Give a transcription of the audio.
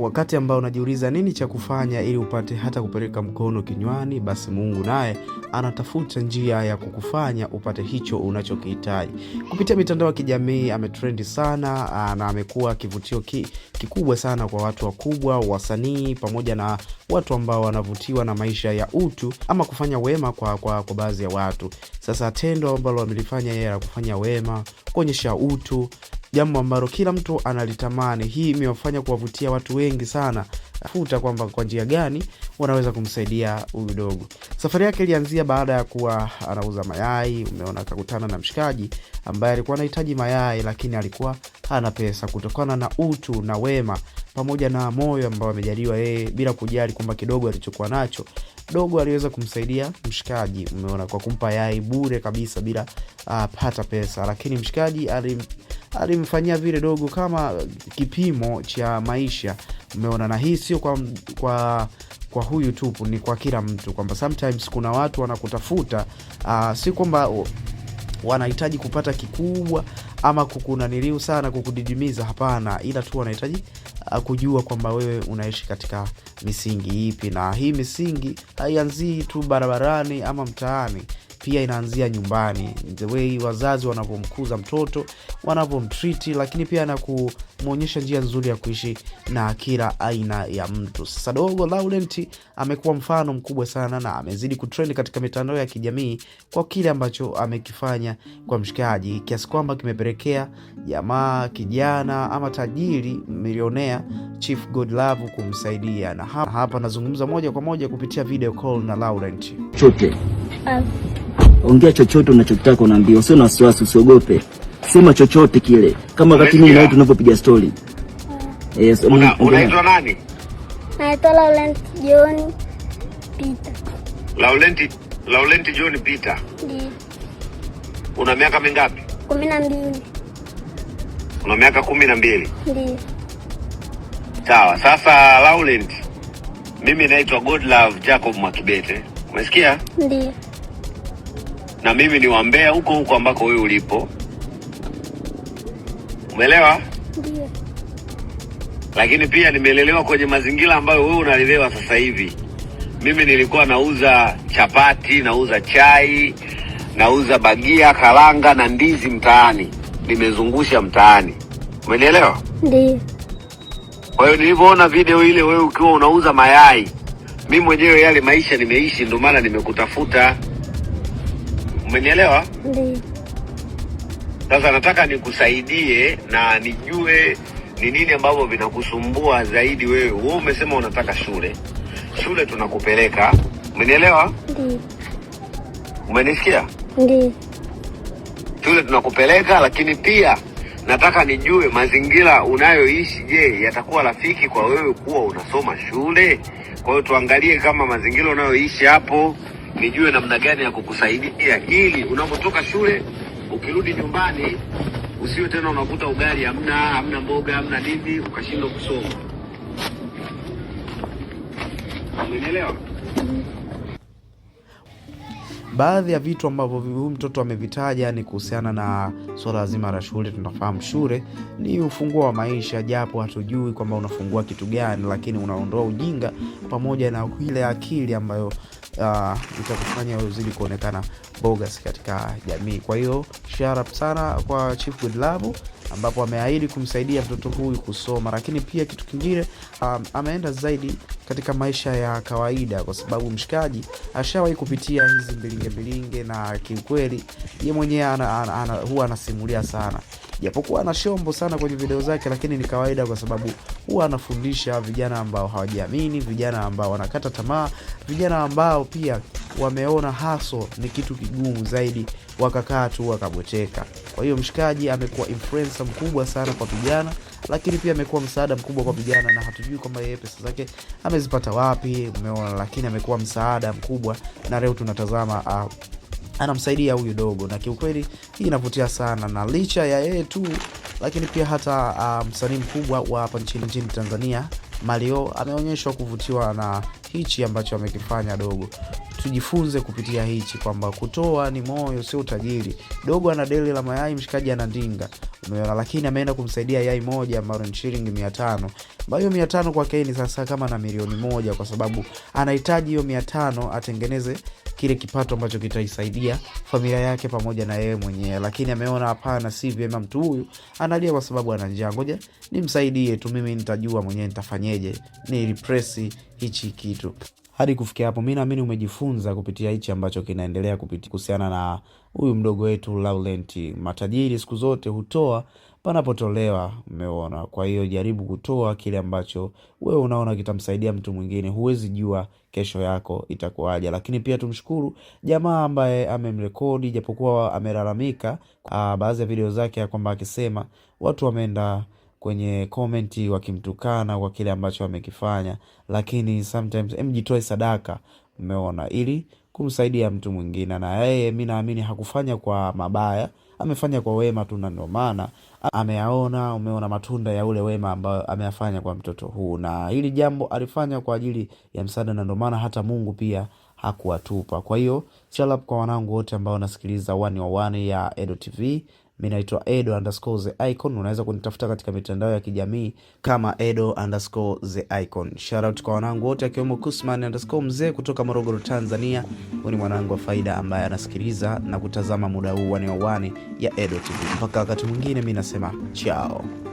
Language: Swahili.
wakati ambao unajiuliza nini cha kufanya ili upate hata kupeleka mkono kinywani, basi Mungu naye anatafuta njia ya kukufanya upate hicho unachokihitaji. Kupitia mitandao ya kijamii ametrendi sana ah, na amekuwa kivutio ki, kikubwa sana kwa watu wakubwa, wasanii pamoja na watu ambao wanavutiwa na maisha ya utu ama kufanya wema kwa, kwa, kwa baadhi ya watu. Sasa tendo ambalo amelifanya yeye la kufanya wema, kuonyesha utu jambo ambalo kila mtu analitamani. Hii imewafanya kuwavutia watu wengi sana futa kwamba kwa njia gani wanaweza kumsaidia huyu dogo. Safari yake ilianzia baada ya kuwa anauza mayai. Umeona, akakutana na mshikaji ambaye alikuwa anahitaji mayai, lakini alikuwa hana pesa, kutokana na utu na wema pamoja na moyo ambao amejaliwa yeye, bila kujali kwamba kidogo alichokuwa nacho dogo aliweza kumsaidia mshikaji, umeona, kwa kumpa yai bure kabisa bila apata ah, uh, pesa, lakini mshikaji ali alimfanyia vile dogo kama kipimo cha maisha. Umeona, na hii sio kwa, kwa kwa huyu tu, ni kwa kila mtu, kwamba sometimes kuna watu wanakutafuta uh, si kwamba uh, wanahitaji kupata kikubwa ama kukunaniliu sana kukudidimiza, hapana, ila tu wanahitaji ah, kujua kwamba wewe unaishi katika misingi ipi, na hii misingi haianzii tu barabarani ama mtaani pia inaanzia nyumbani, the way wazazi wanavyomkuza mtoto, wanavyomtriti, lakini pia na kumwonyesha njia nzuri ya kuishi na kila aina ya mtu. Sasa Dogo Laurent amekuwa mfano mkubwa sana na amezidi kutrend katika mitandao ya kijamii kwa kile ambacho amekifanya kwa mshikaji, kiasi kwamba kimepelekea jamaa kijana ama tajiri milionea Chief Godlove kumsaidia, na hapa nazungumza moja kwa moja kupitia video call na Laurent. Chote. Ah. Ongea chochote unachotaka unaambia, usio na wasiwasi, usiogope, sema chochote kile, kama wakati mimi na wewe tunapopiga story. Mm. Yes, una, mm, unaitwa mm. nani? Naitwa Laurent John Peter. Laurent Laurent John Peter. Ndio. Una miaka mingapi? Kumi na mbili. Una miaka kumi na mbili? Ndiyo. Sawa, sasa Laurent, mimi naitwa Godlove Jacob Mwakibete. Umesikia? Ndio na mimi ni wambea huko huko ambako wewe ulipo, umeelewa? Lakini pia nimelelewa kwenye mazingira ambayo wewe unalelewa sasa hivi. Mimi nilikuwa nauza chapati, nauza chai, nauza bagia, karanga na ndizi mtaani, nimezungusha mtaani, umenielewa? Ndiyo. Kwa hiyo nilivyoona video ile wewe ukiwa unauza mayai, mimi mwenyewe yale maisha nimeishi, ndio maana nimekutafuta. Umenielewa? Ndiyo. Sasa nataka nikusaidie na nijue ni nini ambavyo vinakusumbua zaidi wewe. Wewe umesema unataka shule, shule tunakupeleka. Umenielewa? Ndiyo. Umenisikia? Ndiyo. Shule tunakupeleka, lakini pia nataka nijue mazingira unayoishi, je, yatakuwa rafiki kwa wewe kuwa unasoma shule? Kwa hiyo tuangalie kama mazingira unayoishi hapo nijue namna gani ya kukusaidia ili unapotoka shule ukirudi nyumbani usiwe tena unakuta ugali hamna, hamna mboga, hamna nini, ukashindwa kusoma. Umenielewa? baadhi ya vitu ambavyo huyu mtoto amevitaja ni kuhusiana na swala zima la shule. Tunafahamu shule ni ufunguo wa maisha, japo hatujui kwamba unafungua kitu gani, lakini unaondoa ujinga pamoja na ile akili ambayo uh, itakufanya uzidi kuonekana bogus katika jamii. Kwa hiyo sharp sana kwa Chief Love ambapo ameahidi kumsaidia mtoto huyu kusoma, lakini pia kitu kingine um, ameenda zaidi katika maisha ya kawaida, kwa sababu mshikaji ashawahi kupitia hizi mbilinge mbilinge, na kiukweli ye mwenyewe ana, ana, ana, huwa anasimulia sana japokuwa ana shombo sana kwenye video zake, lakini ni kawaida, kwa sababu huwa anafundisha vijana ambao hawajiamini, vijana ambao wanakata tamaa, vijana ambao pia wameona haso ni kitu kigumu zaidi, wakakaa tu wakabocheka. Kwa hiyo mshikaji amekuwa influencer mkubwa sana kwa vijana, lakini pia amekuwa msaada mkubwa kwa vijana, na hatujui kwamba yeye pesa zake amezipata wapi, umeona, lakini amekuwa msaada mkubwa, na leo tunatazama uh, anamsaidia huyu dogo, na kiukweli hii inavutia sana, na licha ya yeye tu, lakini pia hata uh, msanii mkubwa wa hapa nchini nchini Tanzania Mario ameonyeshwa kuvutiwa na hichi ambacho amekifanya dogo tujifunze kupitia hichi kwamba kutoa ni moyo, sio utajiri. Dogo ana deli la mayai, mshikaji ana ndinga, umeona, lakini ameenda kumsaidia yai moja ambayo ni shilingi mia tano ambayo mia tano kwake ni sasa kama na milioni moja, kwa sababu anahitaji hiyo mia tano atengeneze kile kipato ambacho kitaisaidia familia yake pamoja na yeye mwenyewe, lakini ameona hapana, si vyema. Mtu huyu analia kwa sababu ana njia ngoja nimsaidie tu, mimi nitajua mwenyewe nitafanyeje, ni repress hichi kitu. Hadi kufikia hapo, mi naamini umejifunza kupitia hichi ambacho kinaendelea kuhusiana na huyu mdogo wetu Laurent. Matajiri siku zote hutoa panapotolewa, umeona. Kwa hiyo jaribu kutoa kile ambacho wewe unaona kitamsaidia mtu mwingine. Huwezi jua kesho yako itakuwaja lakini pia tumshukuru jamaa ambaye amemrekodi, japokuwa amelalamika ah, baadhi ya video zake ya kwamba akisema watu wameenda kwenye komenti wakimtukana kwa kile ambacho wamekifanya, lakini sometimes mjitoe sadaka, mmeona, ili kumsaidia mtu mwingine. Na yeye mi naamini hakufanya kwa mabaya, amefanya kwa wema tu, na ndio maana ameyaona, umeona matunda ya ule wema ambayo ameyafanya kwa mtoto huu, na hili jambo alifanya kwa ajili ya msaada, na ndio maana hata Mungu pia hakuwatupa. Kwa hiyo shout kwa wanangu wote ambao wanasikiliza wani wa wani ya Edo TV mi naitwa Edo underscore the icon. Unaweza kunitafuta katika mitandao ya kijamii kama Edo underscore the icon. sharaut kwa wanangu wote akiwemo Kusman underscore mzee kutoka Morogoro, Tanzania. huu ni mwanangu wa faida ambaye anasikiliza na kutazama muda huu wa ya Edo TV. Mpaka wakati mwingine, mi nasema chao.